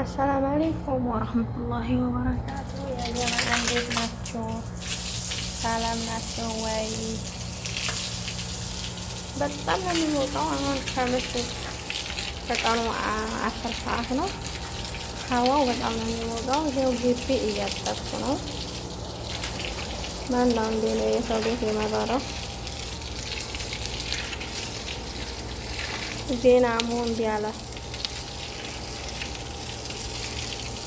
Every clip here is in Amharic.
አሰላም አለይኩም ወረህመቱላሂ ወበረካቱ። የጀመረ እንዴት ናቸው? ሰላም ናቸው ወይ? በጣም ነው የሚወጣው። አሁን ከምሽት ከቀኑ አስር ሰዓት ነው። ሀዋው በጣም ነው የሚወጣው። ይኸው ግቢ እያጠብኩ ነው። ማን ነው እንዴ ነው የሰው ቤት የመረረው? ዜና መሆን ቢያላት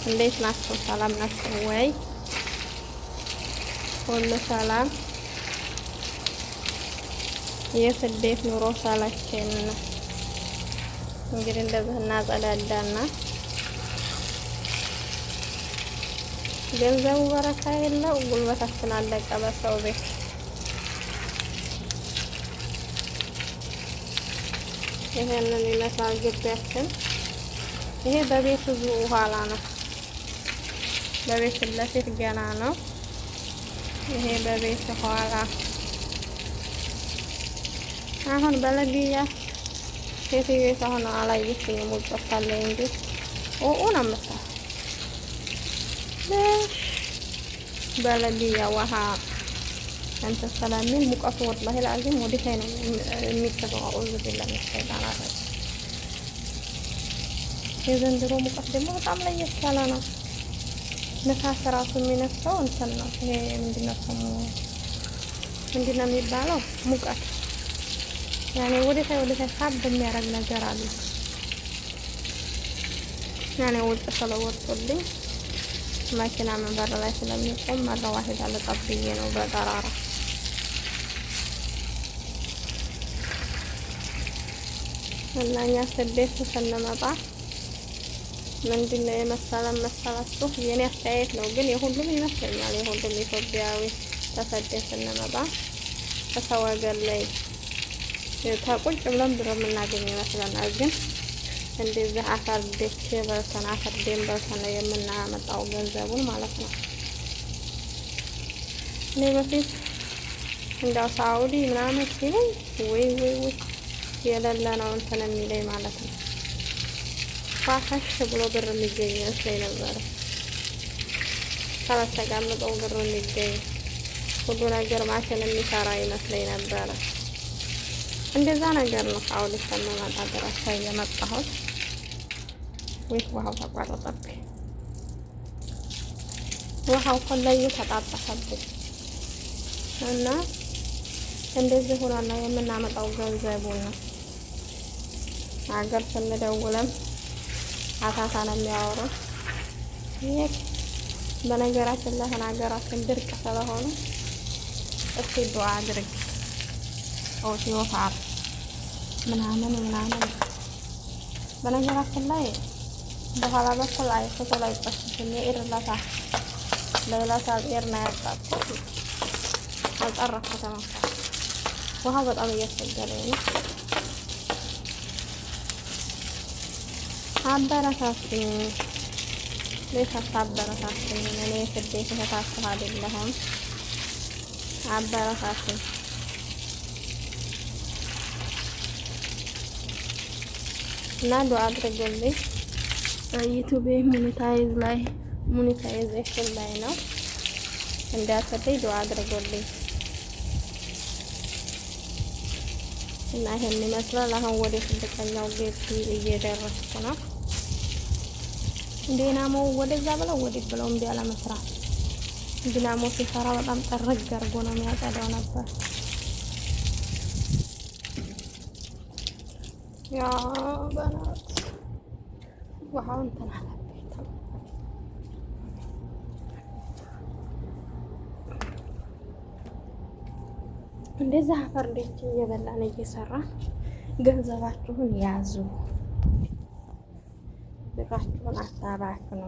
እንዴት ናቸው? ሰላም ናቸው ወይ? ሁሉ ሰላም የስደት ኑሮ ሳላችን እንግዲህ እንደዚህ እናጸዳዳና ገንዘቡ በረካ የለው ጉልበታችን አለቀ በሰው ቤት ይሄንን ይመስላል ግቢያችን። ይሄ በቤቱ ኋላ ነው። በቤት ለፊት ገና ነው። ይሄ በቤት ኋላ አሁን በለግያ ሴት ቤት አሁን አላየችኝም። የሞጨፋለ እንጂ ኦኦ ነው የምታል በለግያ ውሃ እንትን ስለሚል ሙቀቱ ወላሂ ላዚም ወዲህ ላይ ነው የሚጥበው። አዑዙ ቢላህ ሚነ የዘንድሮ ሙቀት ደግሞ በጣም ለየት ያለ ነው። ንፋስ ራሱ የሚነፍሰው እንትን ነው። ይሄ ምንድን ነው ስሙ? ምንድን ነው የሚባለው? ሙቀት ያኔ ወደ ታይ ወደ ሳብ የሚያደርግ ነገር አለ። ያኔ ውጭ ስለወጡልኝ መኪና መንበር ላይ ስለሚቆም መረዋ ሄዳ ነው በጠራራ እና እኛ ስደት ስንመጣ ምንድን ነው የመሰለን መሰላችሁ? የኔ አስተያየት ነው፣ ግን የሁሉም ይመስለኛል። የሁሉም ኢትዮጵያዊ ተሰደን ስንመጣ ከሰው ሀገር ላይ ተቁጭ ብለን ብር የምናገኝ ይመስለናል። ግን እንደዚህ አፈር ደቼ በልተን አፈር ደም በልተን ነው የምናመጣው ገንዘቡን ማለት ነው። እኔ በፊት እንዳው ሳውዲ ምናምን ሲሆን ወይ ወይ ወይ የሌለ ነው እንትን የሚለኝ ማለት ነው ፋፋሽ ብሎ ብር የሚገኝ መስሎኝ ነበረ። ካላስተጋምጠው ብር የሚገኝ ሁሉ ነገር ማሽን የሚሰራ ይመስለኝ ነበረ። እንደዛ ነገር ነው። አውልሽ ከመማጣ ድረስ የመጣሁት ወይስ ውሃው ተቋረጠብኝ? ውሃው ኮላይ ተጣጠፈብኝ እና እንደዚህ ሆኖ ነው የምናመጣው ገንዘቡ ነው አገር ስንደውለም አታታ ነው የሚያወሩት። ይህ በነገራችን ላይ ሀገራችን ድርቅ ስለሆነ እስቲ ዱዓ አድርግ ሰዎች ይወፋል ምናምን ምናምን። በነገራችን ላይ በኋላ በኩል አይ ፎቶ ላይ ጨስሽም የኢርላታ ለሌላታ ኢርና ያጣጥ አልጠረኩትም። ውሃ በጣም እያስቸገረኝ ነው። አበረታቱኝ። ቤት አታበረታቱኝ። እኔ ስደት እህታችሁ አይደለሁም። አበረታቱኝ። እና ዱአ አድርጉልኝ። ዩቲዩብ ሙኒታይዝ ላይ ሙኒታይዜሽን ላይ ነው እንዳትልኝ ዱአ አድርጉልኝ። እና ይሄን ይመስላል። አሁን ወደ ስድስተኛው ቤት እየደረስኩ ነው። ዲናሞ ወደዛ ብለው ወዲህ ብለው እምቢ አለ መስራት። ዲናሞ ሲሰራ በጣም ጠረግ አድርጎ ነው የሚያጸዳው ነበር። ያ በናት ውሃውን ተናለ እንደዛ ፈርዴች እየበላን እየሰራን ገንዘባችሁን ያዙ። ምግባችሁን አታባክኑ።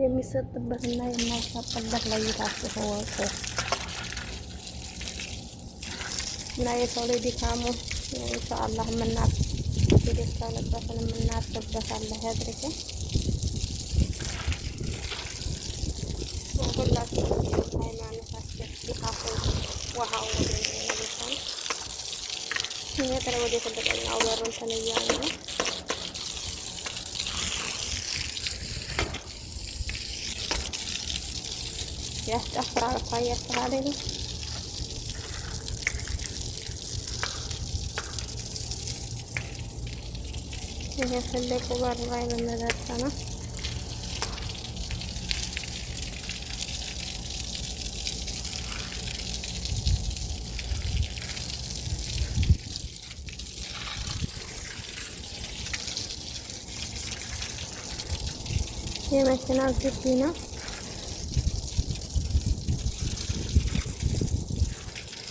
የሚሰጥበትና የማይሰጥበት ለይታችሁ እወቁ እና የሰው ላይ ድካሙ ኢንሻአላህ የምናር የደሳንበትን የምናርፍበት አለ ያድርገን። ሁላችሁ ሃይማኖታችን ድካፉ ውሃው ወደ ወደ ትልቀኛው በሩን ተለያለ ያስጨፍራል እኮ አያስባል አይደል? ይሄ ትልቁ በር ላይ መመረጥ ነው። የመኪና ግቢ ነው።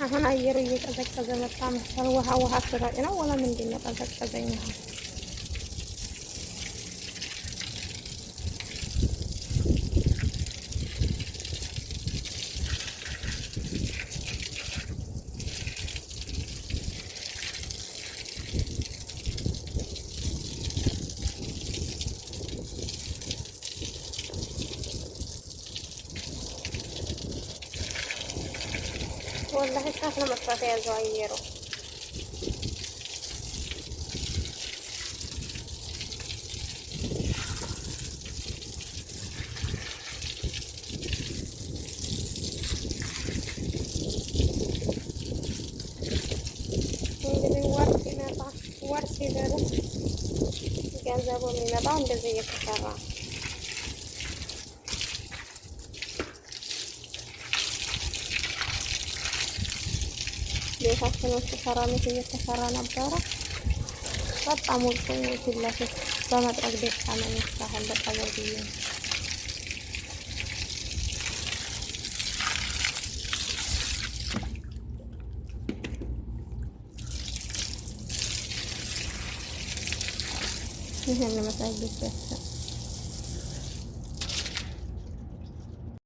አሁን አየሩ እየቀዘቀዘ መጣ መሰል። ውሃ ውሃ ስበጭ ነው ወላ ምንድን ነው ቀዘቀዘኝ? والله اسعف لما تفاتي ازغيره ورسي ذلك جنزبوني نبع بزي يتفرع ራሳችንን ሰራሚት እየተሰራ ነበረ። በጣም ወቅቱን ፊትለፊት በመጥረግ ደስታ መኝታህል በቀበር ብዬ ይህን መሳይ ቤት